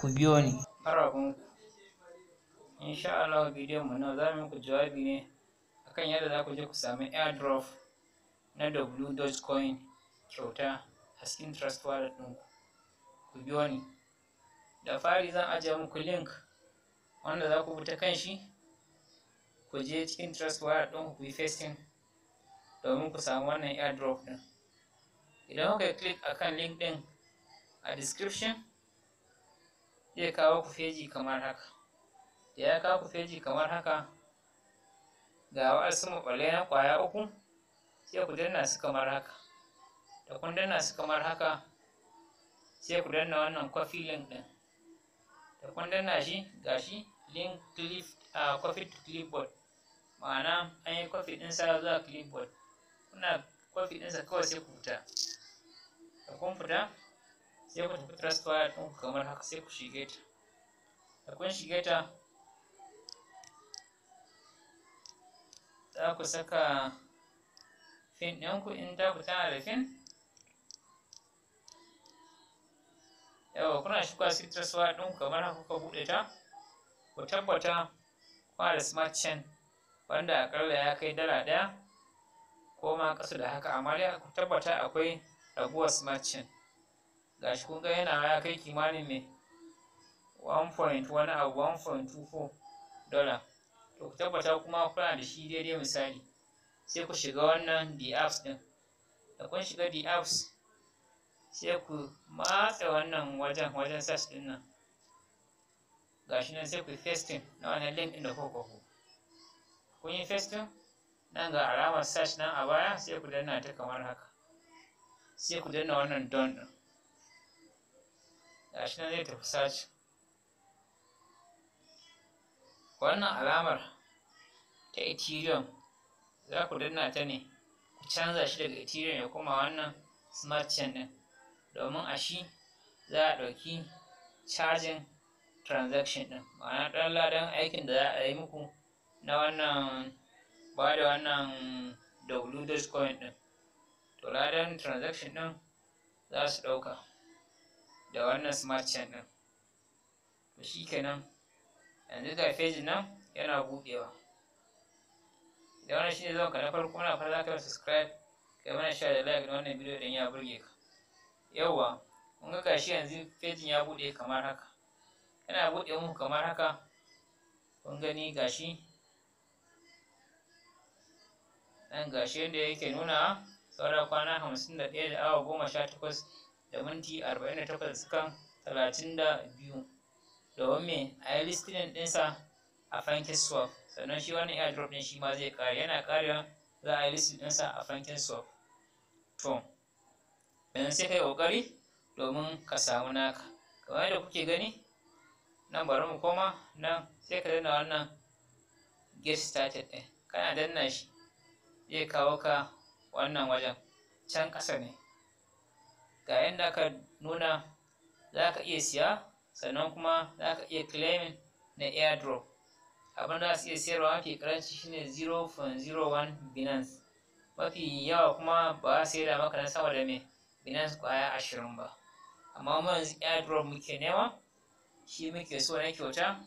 ku biyo ni harafinku insha Allah bidiyon mu na za mu ku jawabi ne akan yadda za ku je ku sami airdrop na W Dogecoin kyauta a cikin Trust Wallet ɗinku ku biyo ni da fari zan ajiye muku link wanda za ku buta kan shi ku je cikin Trust Wallet ɗinku ku yi facing domin ku samu wannan airdrop ɗin idan kuka click akan link ɗin a description zai kawo ku feji kamar haka da ya kawo ku feji kamar haka ga wasu maɓalle na ƙwaya uku sai ku danna su kamar haka da kun danna su kamar haka sai ku danna wannan kwafi link ɗin da kun danna shi ga shi link clip a kwafi to clipboard ma'ana an yi kwafi ɗin sa zuwa clipboard kuna coffee ɗinsa kawai sai ku fita da kun fita sai ku tafi transfer ɗin kamar haka sai ku shige ta da kun shige ta za ku saka fin ku in ta ku tana da fin yawa kuna shiga sai transfer ɗin kamar haka kuka buɗe ta ku tabbata kuna da smart chain wanda akalla ya kai dala ɗaya ko ma ƙasa da haka amma ya ku tabbata akwai raguwar smart chain gashi kun ga yana ya kai kimanin ne 1.1 abu 1.24 dollar to ku tabbata kuma kuna da shi daidai misali sai ku shiga wannan the apps din da kun shiga the apps sai ku matsa wannan wajen wajen search din nan gashi nan sai ku pasting na wannan link din da kuka ku kun yi pasting nan ga alamar search nan a baya sai ku danna ta kamar haka sai ku danna wannan don din gashi nan zai tafi sashi wannan alamar ta ethereum za ku danna ta ne ku canza shi daga ethereum ya koma wannan smart chain din domin a shi za a ɗauki charging transaction din ma'ana ɗan ladan aikin da za a yi muku na wannan ba da wannan w coin din to ladan transaction din za su ɗauka da wannan smart chain ɗin to shi kenan yanzu ga page nan yana buɗewa da wannan shi ne zama na farko na fara za ka yi subscribe kai mana share da like da wannan bidiyo din ya burge ka yawwa kun ga gashi yanzu page ya buɗe kamar haka yana buɗe muku kamar haka kun gani gashi nan gashi yadda yake nuna saura kwana hamsin da ɗaya da awa goma sha takwas da minti 48 sukan 32 domin me a yi listin ɗinsa a fankin swap sannan shi wannan airdrop ɗin shi ma zai kare. yana ƙarewa za a yi listin ɗinsa a fankin swap to yanzu sai kai ƙoƙari domin ka samu naka kamar yadda kuke gani nan bari mu koma nan sai ka danna wannan get started ɗin kana danna shi zai kawo ka wannan wajen can ƙasa ne ga yadda aka nuna za ka iya siya sannan kuma za ka iya claiming na airdrop abin da su iya siyarwa mafi karanci shine 0.01 binance mafi yawa kuma ba a sayar da maka na sama da mai binance kwaya ashirin ba amma mu yanzu airdrop muke nema shi muke so na kyauta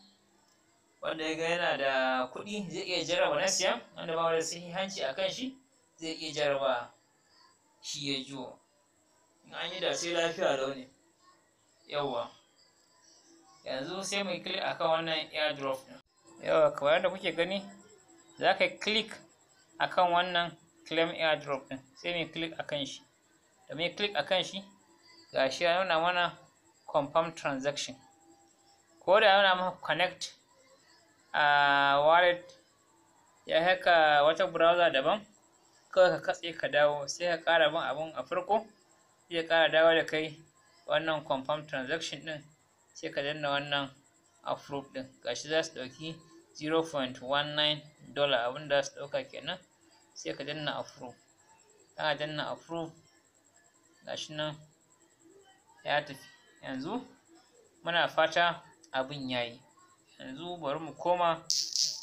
wanda ya ga yana da kuɗi zai iya jarraba na siya wanda ba da sahihanci a kan shi zai iya jarraba shi ya juwa in an yi da sai lafiya lau ne yawwa yanzu sai mu click akan wannan airdrop din yawa kamar yadda kuke gani za ka click akan wannan claim airdrop din sai mai click akan shi da mu click akan shi gashi ya nuna mana confirm transaction ko da ya nuna maka connect a wallet ya haka wata browser daban kawai ka katse ka dawo sai ka kara bin abun a farko zai ƙara dawo da kai wannan confirm transaction ɗin sai ka danna wannan approve ɗin gashi za su ɗauki 0.19 dollar abin da za su ɗauka kenan sai ka danna approve ka danna approve gashi nan ya tafi yanzu muna fata abin yayi yanzu bari mu koma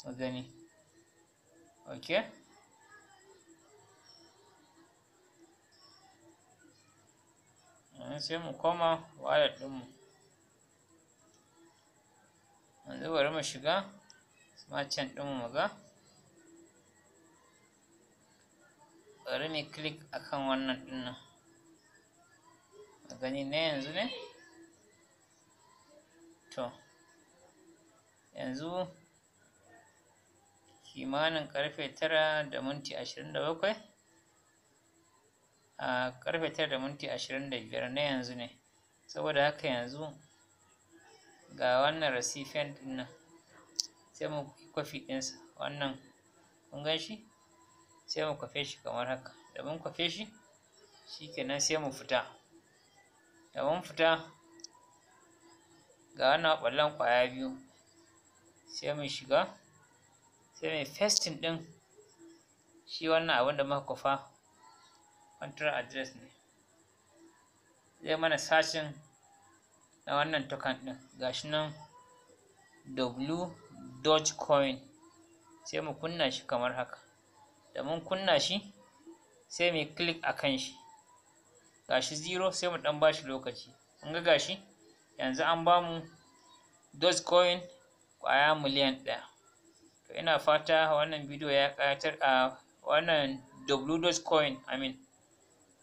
mu gani okay sai mu koma wallet ɗinmu yanzu bari mu shiga smart chain ɗinmu mu ga bari mu click akan wannan din nan. gani ne yanzu ne to yanzu kimanin karfe tara da minti ashirin da bakwai a karfe tara da minti ashirin da biyar na yanzu ne saboda haka yanzu ga wannan recipient ɗin nan sai mu yi kwafi ɗinsa wannan kun gan shi sai mu kwafe shi kamar haka da mun kwafe shi shikenan sai mu fita da mun fita ga wannan ɓallon ƙwaya biyu sai mu shiga sai mai yi ɗin shi wannan abin da muka kwafa control address ne zai mana sashin na wannan token ɗin gashi nan w coin sai mu kunna shi kamar haka da mun kunna shi sai mu click a kan shi gashi zero sai mu dan bashi lokaci kun ga gashi yanzu an bamu coin kwaya miliyan ɗaya to ina fata wannan bidiyo ya ƙayatar a wannan w i amin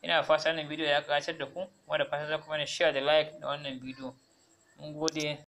ina fata wannan bidiyo ya ƙayatar da ku wanda fasa za ku mana share da like na wannan bidiyo mun gode